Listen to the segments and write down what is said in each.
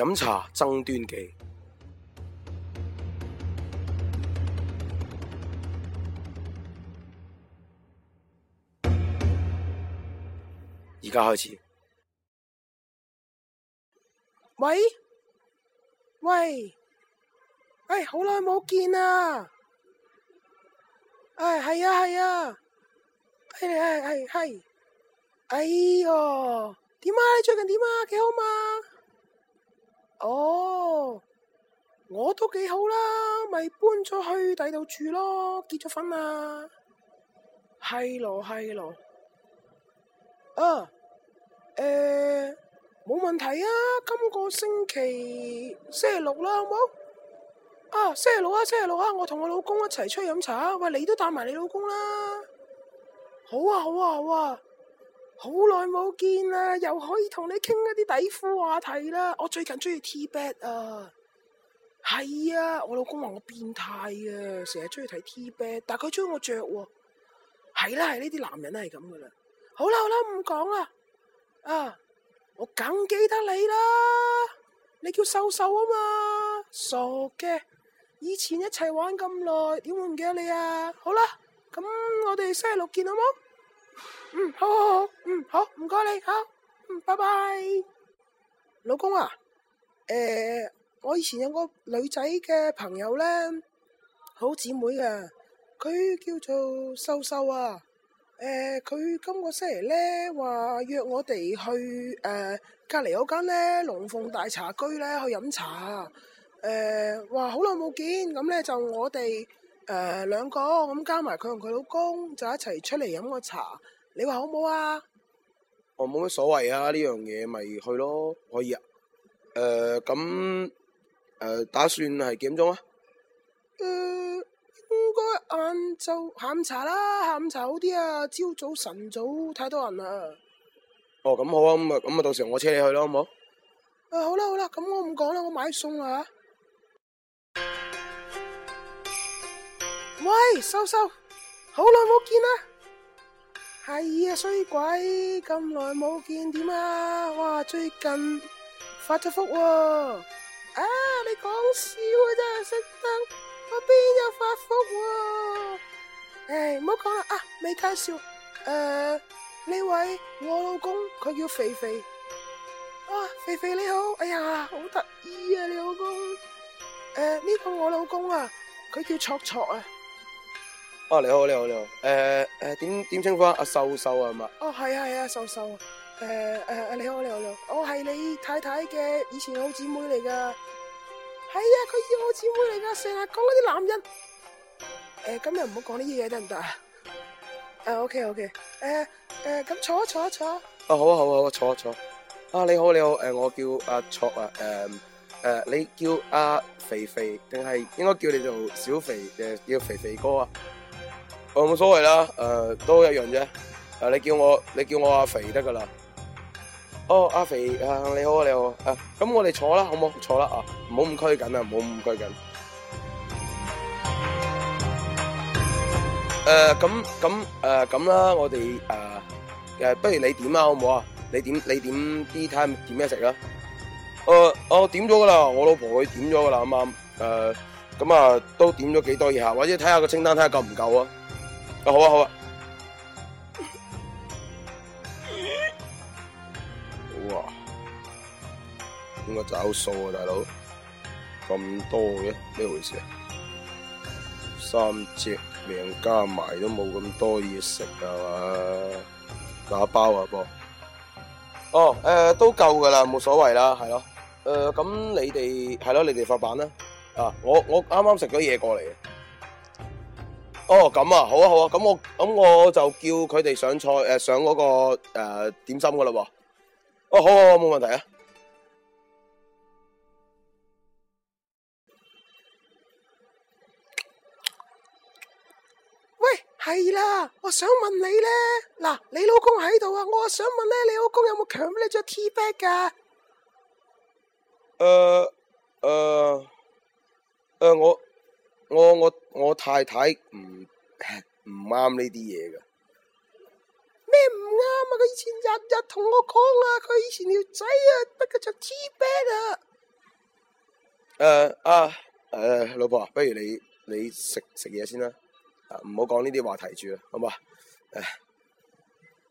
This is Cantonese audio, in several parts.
飲茶爭端記，而家開始。喂喂，哎，好耐冇見，哎、啊，啊！哎，係啊係啊，係係係係，哎喲，點啊？你最近點啊？幾好嘛？哦，我都幾好啦，咪搬咗去第度住咯，結咗婚啦，係咯係咯，啊，誒，冇問題啊，今個星期星期六啦，好冇？啊，星期六啊，星期六啊，我同我老公一齊出去飲茶，喂，你都帶埋你老公啦，好啊好啊好啊！好耐冇見啦，又可以同你傾一啲底褲話題啦。我最近中意 T-back 啊，係啊，我老公話我變態啊，成日中意睇 T-back，但佢中意我着喎。係啦，係，呢啲男人都係咁噶啦。好啦、啊、好啦、啊，唔講啦。啊，我梗記得你啦，你叫瘦瘦啊嘛，傻嘅。以前一齊玩咁耐，點會唔記得你啊？好啦、啊，咁我哋星期六見好冇？嗯，好好好，嗯好，唔該你，好，嗯，拜拜。老公啊，誒、呃，我以前有個女仔嘅朋友呢，好姊妹㗎，佢叫做秀秀啊，誒、呃，佢今個星期呢話約我哋去誒隔籬嗰間呢龍鳳大茶居呢去飲茶，誒、呃，話好耐冇見，咁呢就我哋誒兩個咁加埋佢同佢老公就一齊出嚟飲個茶。你話好唔好、哦、啊？我冇乜所謂啊，呢樣嘢咪去咯，可以啊。誒、呃，咁、嗯、誒，打算係幾點鐘啊？誒、呃，應該晏晝下午茶啦，下午茶好啲啊，朝早晨早太多人啦。哦，咁、嗯、好啊，咁啊，咁啊，到時我車你去咯，好唔好？嗯、好啊，好啦好啦，咁、嗯、我唔講啦，我買餸啦、啊。喂，收收，收，好耐冇見啦！係啊，衰、哎、鬼，咁耐冇見點啊？哇，最近發咗福喎！啊，你講笑啊，真係熄燈我邊有發福喎、啊？唉、哎，唔好講啦，啊，未介紹，誒、呃，呢位，我老公佢叫肥肥啊。肥肥你好，哎呀，好得意啊，你老公，誒、呃，呢個我老公啊，佢叫卓卓啊。哦，你好，你好，你好，誒誒，點點稱呼啊？阿秀秀啊係嘛？哦，係啊，係啊，秀秀，誒誒，你好，你好，你好，我係你太太嘅以前好姊妹嚟噶，係啊，佢以前好姊妹嚟噶，成日講嗰啲男人，誒，今日唔好講呢啲嘢得唔得啊？誒，OK，OK，誒誒，咁坐一坐一坐。啊，好啊，好啊，好，坐一坐。啊，你好，你好，誒，我叫阿卓啊，誒誒，你叫阿肥肥定係應該叫你做小肥誒，叫肥肥哥啊？我冇所謂啦，誒，都一樣啫。誒，你叫我你叫我阿肥得噶啦。哦，阿肥啊，你好啊，你好啊。咁我哋坐啦，好冇？坐啦啊，唔好咁拘謹啊，唔好咁拘謹。誒，咁咁誒咁啦，我哋誒誒，不如你點啦，好唔好啊？你點你點啲餐點咩食啦？誒，我點咗噶啦，我老婆佢點咗噶啦，啱啱誒，咁啊都點咗幾多嘢，吓，或者睇下個清單，睇下夠唔夠啊？啊好啊好啊，哇，應該找數啊大佬，咁多嘅咩回事啊？三隻命加埋都冇咁多嘢食啊嘛，打包啊波。哦誒、呃，都夠噶啦，冇所謂啦，係咯。誒、呃、咁你哋係咯，你哋發版啦。啊，我我啱啱食咗嘢過嚟。哦，咁啊，好啊，好啊，咁我咁我就叫佢哋上菜誒，上嗰、那個誒、呃、點心噶啦、啊，哦，好啊，冇問題啊。喂，係啦，我想問你咧，嗱，你老公喺度啊，我想問咧，你老公有冇強迫你着 T-back 噶？誒誒誒，我。我我我太太唔唔啱呢啲嘢噶，咩唔啱啊？佢以前日日同我講啊，佢以前條仔啊，不過就黐柄啊。誒、呃，阿、呃、誒、呃、老婆，不如你你食食嘢先啦，唔好講呢啲話題住啊，好唔好啊？誒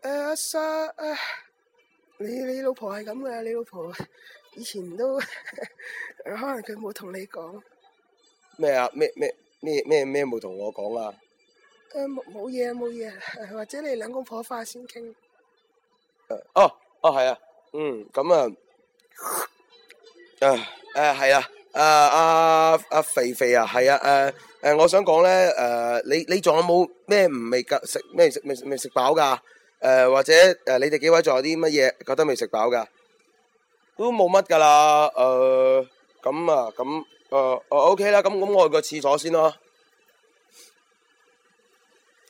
阿、呃、s、呃 Sir，呃、你你老婆係咁噶，你老婆以前都可能佢冇同你講。咩啊，啊？咩咩咩咩咩冇同我講啦！誒，冇嘢啊，冇嘢。或者你兩公婆快先傾。哦、啊、哦、啊、係啊，嗯，咁啊，誒誒係啊，誒阿阿肥肥啊，係啊，誒、啊、誒、啊，我想講咧，誒、啊、你你仲有冇咩唔未食咩食咩食飽噶誒、啊、或者誒、啊、你哋幾位仲有啲乜嘢覺得未食飽噶都冇乜噶啦，誒咁啊咁。哦誒、uh，OK 啦，咁咁我去個廁所先啦。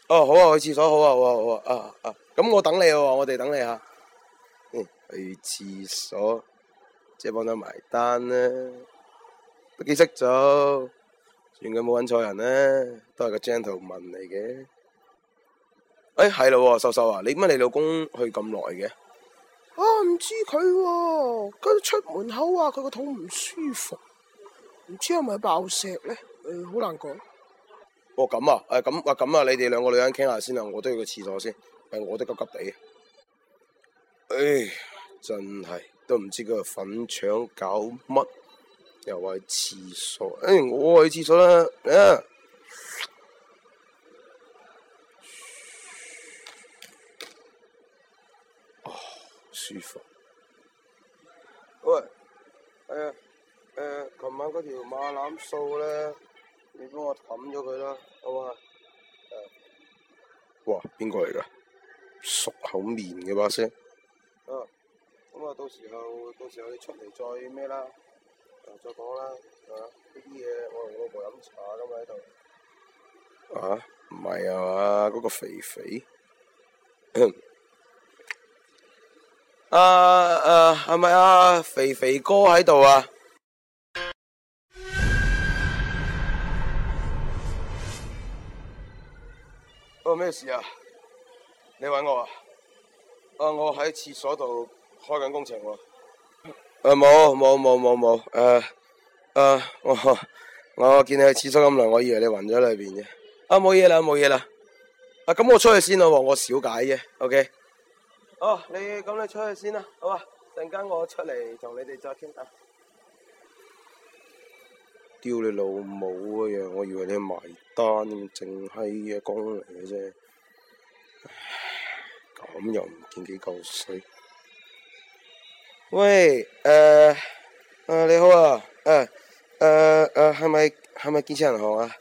哦，好啊，去廁所好啊，好啊，好啊，啊啊，咁我等你啊，我哋等你啊。去廁所，即係幫手埋單呢。都幾識做，算佢冇揾錯人呢，都係個 gentleman 嚟嘅。誒，係咯，秀秀啊，你點解你老公去咁耐嘅？啊，唔知佢，佢出門口啊，佢個肚唔舒服。唔知係咪爆石咧？誒、呃，好難講。哦，咁啊，誒，咁、啊，哇，咁啊，你哋兩個女人傾下先啦，我都要去廁所先，誒，我都急急地。誒、哎，真係都唔知嗰個粉腸搞乜，又話去廁所，誒、哎，我去廁所啦，啊、哎哦。舒服。喂，誒、哎。誒，琴晚嗰條馬腩素咧，你幫我冚咗佢啦，好啊？誒，哇，邊個嚟噶？熟口面嘅把聲。嗯，咁啊，到時候，到時候你出嚟再咩啦？誒，再講啦，係嘛？呢啲嘢，我我冇飲茶噶嘛喺度。啊，唔係啊嘛，嗰個肥肥。阿阿係咪阿肥肥哥喺度啊？個咩、哦、事啊？你搵我啊？啊，我喺廁所度開緊工程喎、啊。冇冇冇冇冇。誒誒、啊啊，我我見你喺廁所咁耐，我以為你暈咗裏邊嘅。啊，冇嘢啦，冇嘢啦。啊，咁我出去先咯、啊，我小解啫。OK。哦、啊，你咁你出去先啦、啊，好啊。陣間我出嚟同你哋再傾啊。叫你老母啊！樣，我以為你埋單，淨係講嚟嘅啫。咁又唔見幾夠水。喂，誒誒你好啊，誒誒誒係咪係咪建設銀行啊？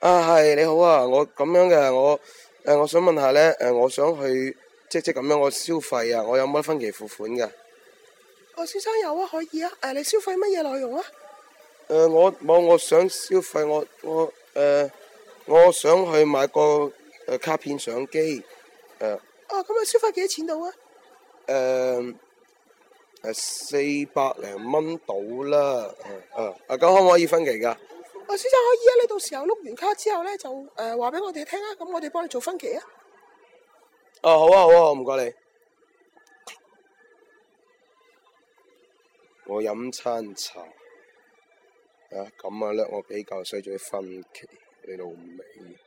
啊係你好啊，我咁樣嘅我誒，我想問下咧，誒我想去即即咁樣我消費啊，我有冇分期付款㗎？哦，先生有啊，可以啊，誒你消費乜嘢內容啊？誒我冇我，我想消費，我我誒、呃、我想去買個誒卡片相機誒、呃、啊！咁樣消費幾多錢到、呃呃、啊？誒誒四百零蚊到啦！誒啊，咁可唔可以分期㗎？啊，先生可以啊！你到時候碌完卡之後咧，就誒話俾我哋聽啊！咁我哋幫你做分期啊！哦、啊，好啊，好啊，唔該、啊、你。我飲餐茶。咁啊，叻我幾嚿水仲要分歧，你老味。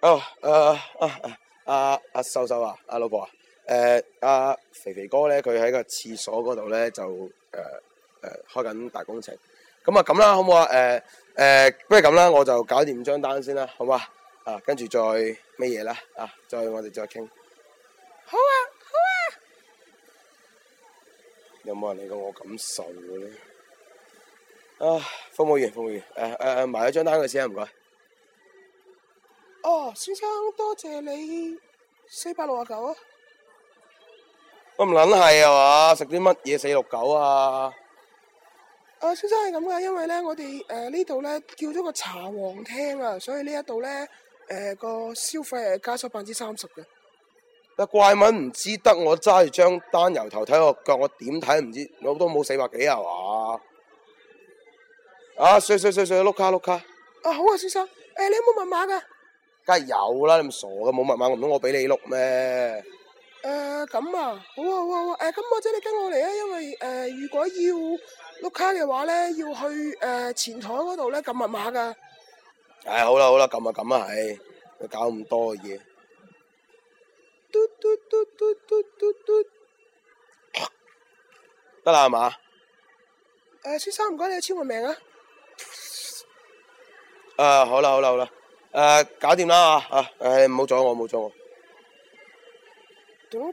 哦，誒，啊啊，阿秀秀啊，阿老婆啊，誒，阿肥肥哥咧，佢喺個廁所嗰度咧就誒誒開緊大工程。咁啊，咁啦，好唔好啊？誒誒，不如咁啦，我就搞掂五張單先啦，好唔好啊？啊，跟住再咩嘢啦？啊，再我哋再傾。好啊，好啊。有冇人理過我感受嘅咧？啊！服務員，服務員，誒誒埋咗張單佢先啊，唔、啊、該。試試哦，先生多謝你四百六十九啊。咁撚係啊嘛？食啲乜嘢四六九啊？啊，先生係咁噶，因為咧我哋誒、呃、呢度咧叫咗個茶皇廳啊，所以呢一度咧誒個消費係加咗百分之三十嘅。啊！怪問唔知得，我揸住張單由頭睇我腳，我點睇唔知，我都冇四百幾啊嘛。啊，衰衰衰衰，碌卡碌卡。啊，好啊，先生。誒，你有冇密碼噶？梗係有啦，你唔傻噶，冇密碼，我唔通我俾你碌咩？誒，咁啊，好啊，好啊，誒，咁或者你跟我嚟啊，因為誒，如果要碌卡嘅話咧，要去誒前台嗰度咧撳密碼噶。誒，好啦好啦，咁啊咁啊，唉，又搞咁多嘢。嘟嘟嘟嘟嘟嘟嘟，得啦係嘛？誒，先生唔該，你簽個名啊。誒、uh,，好啦好啦好啦，誒、uh,，搞掂啦吓吓，誒，唔好阻我唔好阻我。阻我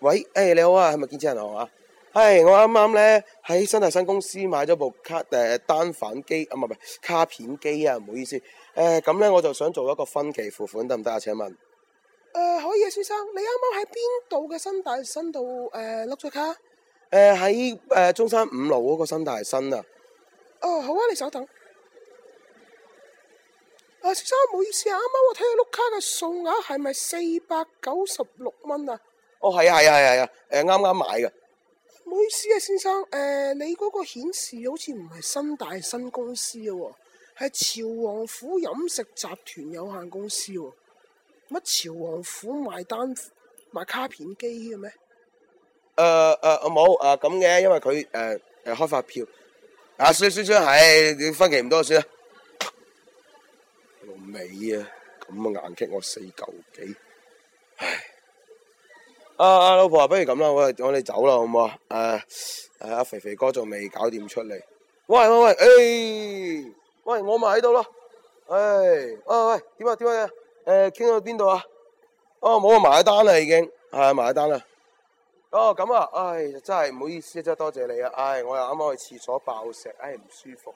喂，誒、hey, 你好啊，係咪建設銀行啊？誒、hey,，我啱啱咧喺新大新公司買咗部卡誒、呃、單反機，啊唔係唔係卡片機啊，唔好意思。誒、呃，咁咧我就想做一個分期付款，得唔得啊？請問。誒，uh, 可以啊，先生，你啱啱喺邊度嘅新大新度誒碌咗卡？誒，喺誒、呃、中山五路嗰個新大新啊。哦，好啊，你稍等。啊，先生，唔好意思啊，啱啱我睇下碌卡嘅數額係咪四百九十六蚊啊？哦，係啊，係啊，係啊，誒、嗯，啱啱買嘅。唔好意思啊，先生，誒、呃，你嗰個顯示好似唔係新大新公司嘅喎，啊，係朝王府飲食集團有限公司喎，啊。乜朝王府賣單賣卡片機嘅咩？誒誒，阿冇誒咁嘅，因為佢誒誒開發票，uh, 算算算 啊，少少少係，你分歧唔多先啦。老尾啊，咁啊硬 k 我四嚿幾，唉。阿、uh, 阿老婆，不如咁啦，我我哋走啦，好唔好啊？誒阿肥肥哥仲未搞掂出嚟。喂喂喂，誒，喂，我咪喺度咯。唉、uh, uh, 呃，啊喂，點啊點啊，誒，傾到邊度啊？哦，冇啊，埋單啦已經，係埋單啦。哦，咁啊，唉，真係唔好意思，真係多謝你啊，唉，我又啱啱去廁所爆石，唉，唔舒服。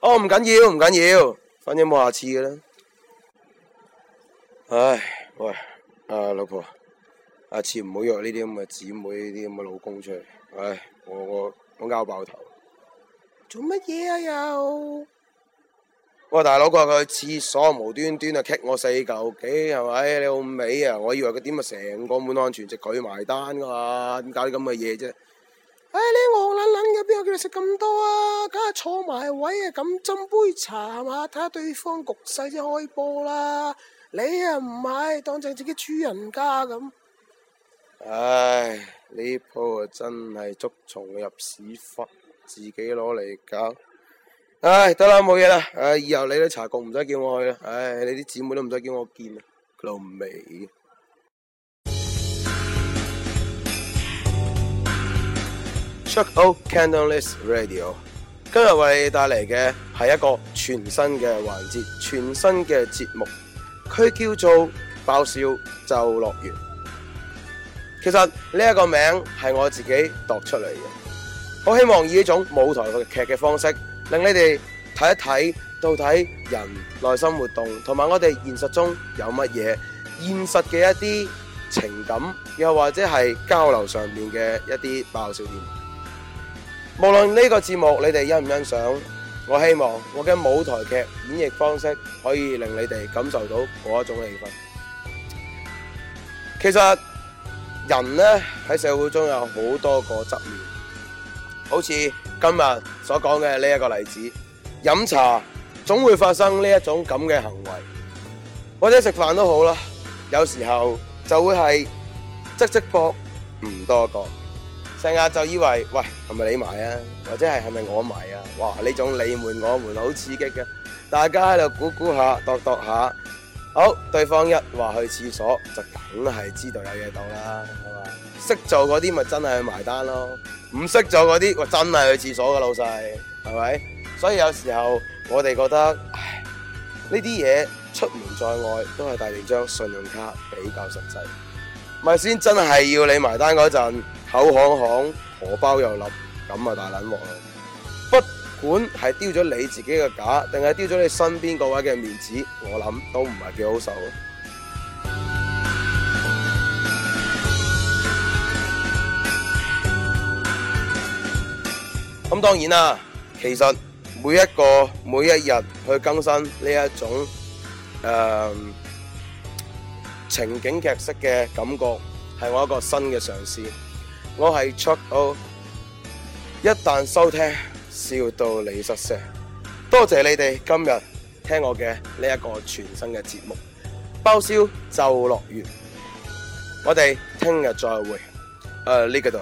哦，唔緊要，唔緊要，反正冇下次嘅啦。唉，喂，啊老婆，下次唔好約呢啲咁嘅姊妹，呢啲咁嘅老公出嚟。唉，我我我拗爆頭。做乜嘢啊又？喂，大佬，佢佢去廁所，無端端啊棘我四嚿幾，係咪？你老味啊！我以為佢點啊，成個滿漢全席佢埋單噶嘛，點、啊、搞啲咁嘅嘢啫？唉、哎，你戇撚撚嘅，邊有叫你食咁多啊？梗係坐埋位啊，咁斟杯茶係嘛，睇下對方局勢先開波啦。你啊唔係當正自己主人家咁。唉、哎，呢鋪啊真係捉蟲入屎窟，自己攞嚟搞。唉，得啦，冇嘢啦，唉，以後你啲茶局唔使叫我去啦，唉，你啲姊妹都唔使叫我見啦，佢老味。Check out Candlelist Radio。今日為你帶嚟嘅係一個全新嘅環節，全新嘅節目，佢叫做爆笑就樂園。其實呢一個名係我自己度出嚟嘅，我希望以呢種舞台嘅劇嘅方式。令你哋睇一睇到底人內心活動，同埋我哋現實中有乜嘢，現實嘅一啲情感，又或者係交流上面嘅一啲爆笑點。無論呢個節目你哋欣唔欣賞，我希望我嘅舞台劇演繹方式可以令你哋感受到嗰一種氣氛。其實人呢，喺社會中有好多個側面，好似。今日所講嘅呢一個例子，飲茶總會發生呢一種咁嘅行為，或者食飯都好啦，有時候就會係側側膊唔多覺，成日就以為喂係咪你埋啊，或者係係咪我埋啊？哇呢種你瞞我瞞好刺激嘅，大家喺度估估下，度度下。好，對方一話去廁所就梗係知道有嘢到啦，係嘛？識做嗰啲咪真係去埋單咯，唔識做嗰啲喂真係去廁所噶老細，係咪？所以有時候我哋覺得呢啲嘢出門在外都係帶張信用卡比較實際，咪先真係要你埋單嗰陣口巷巷荷包又笠咁啊大撚鑊啊！管係丟咗你自己嘅架，定係丟咗你身邊嗰位嘅面子，我諗都唔係幾好受。咁 當然啦，其實每一個每一日去更新呢一種、呃、情景劇式嘅感覺，係我一個新嘅嘗試。我係 Chuck O，一旦收聽。笑到你失聲，多謝你哋今日聽我嘅呢一個全新嘅節目，包燒就樂園，我哋聽日再會。誒呢個度。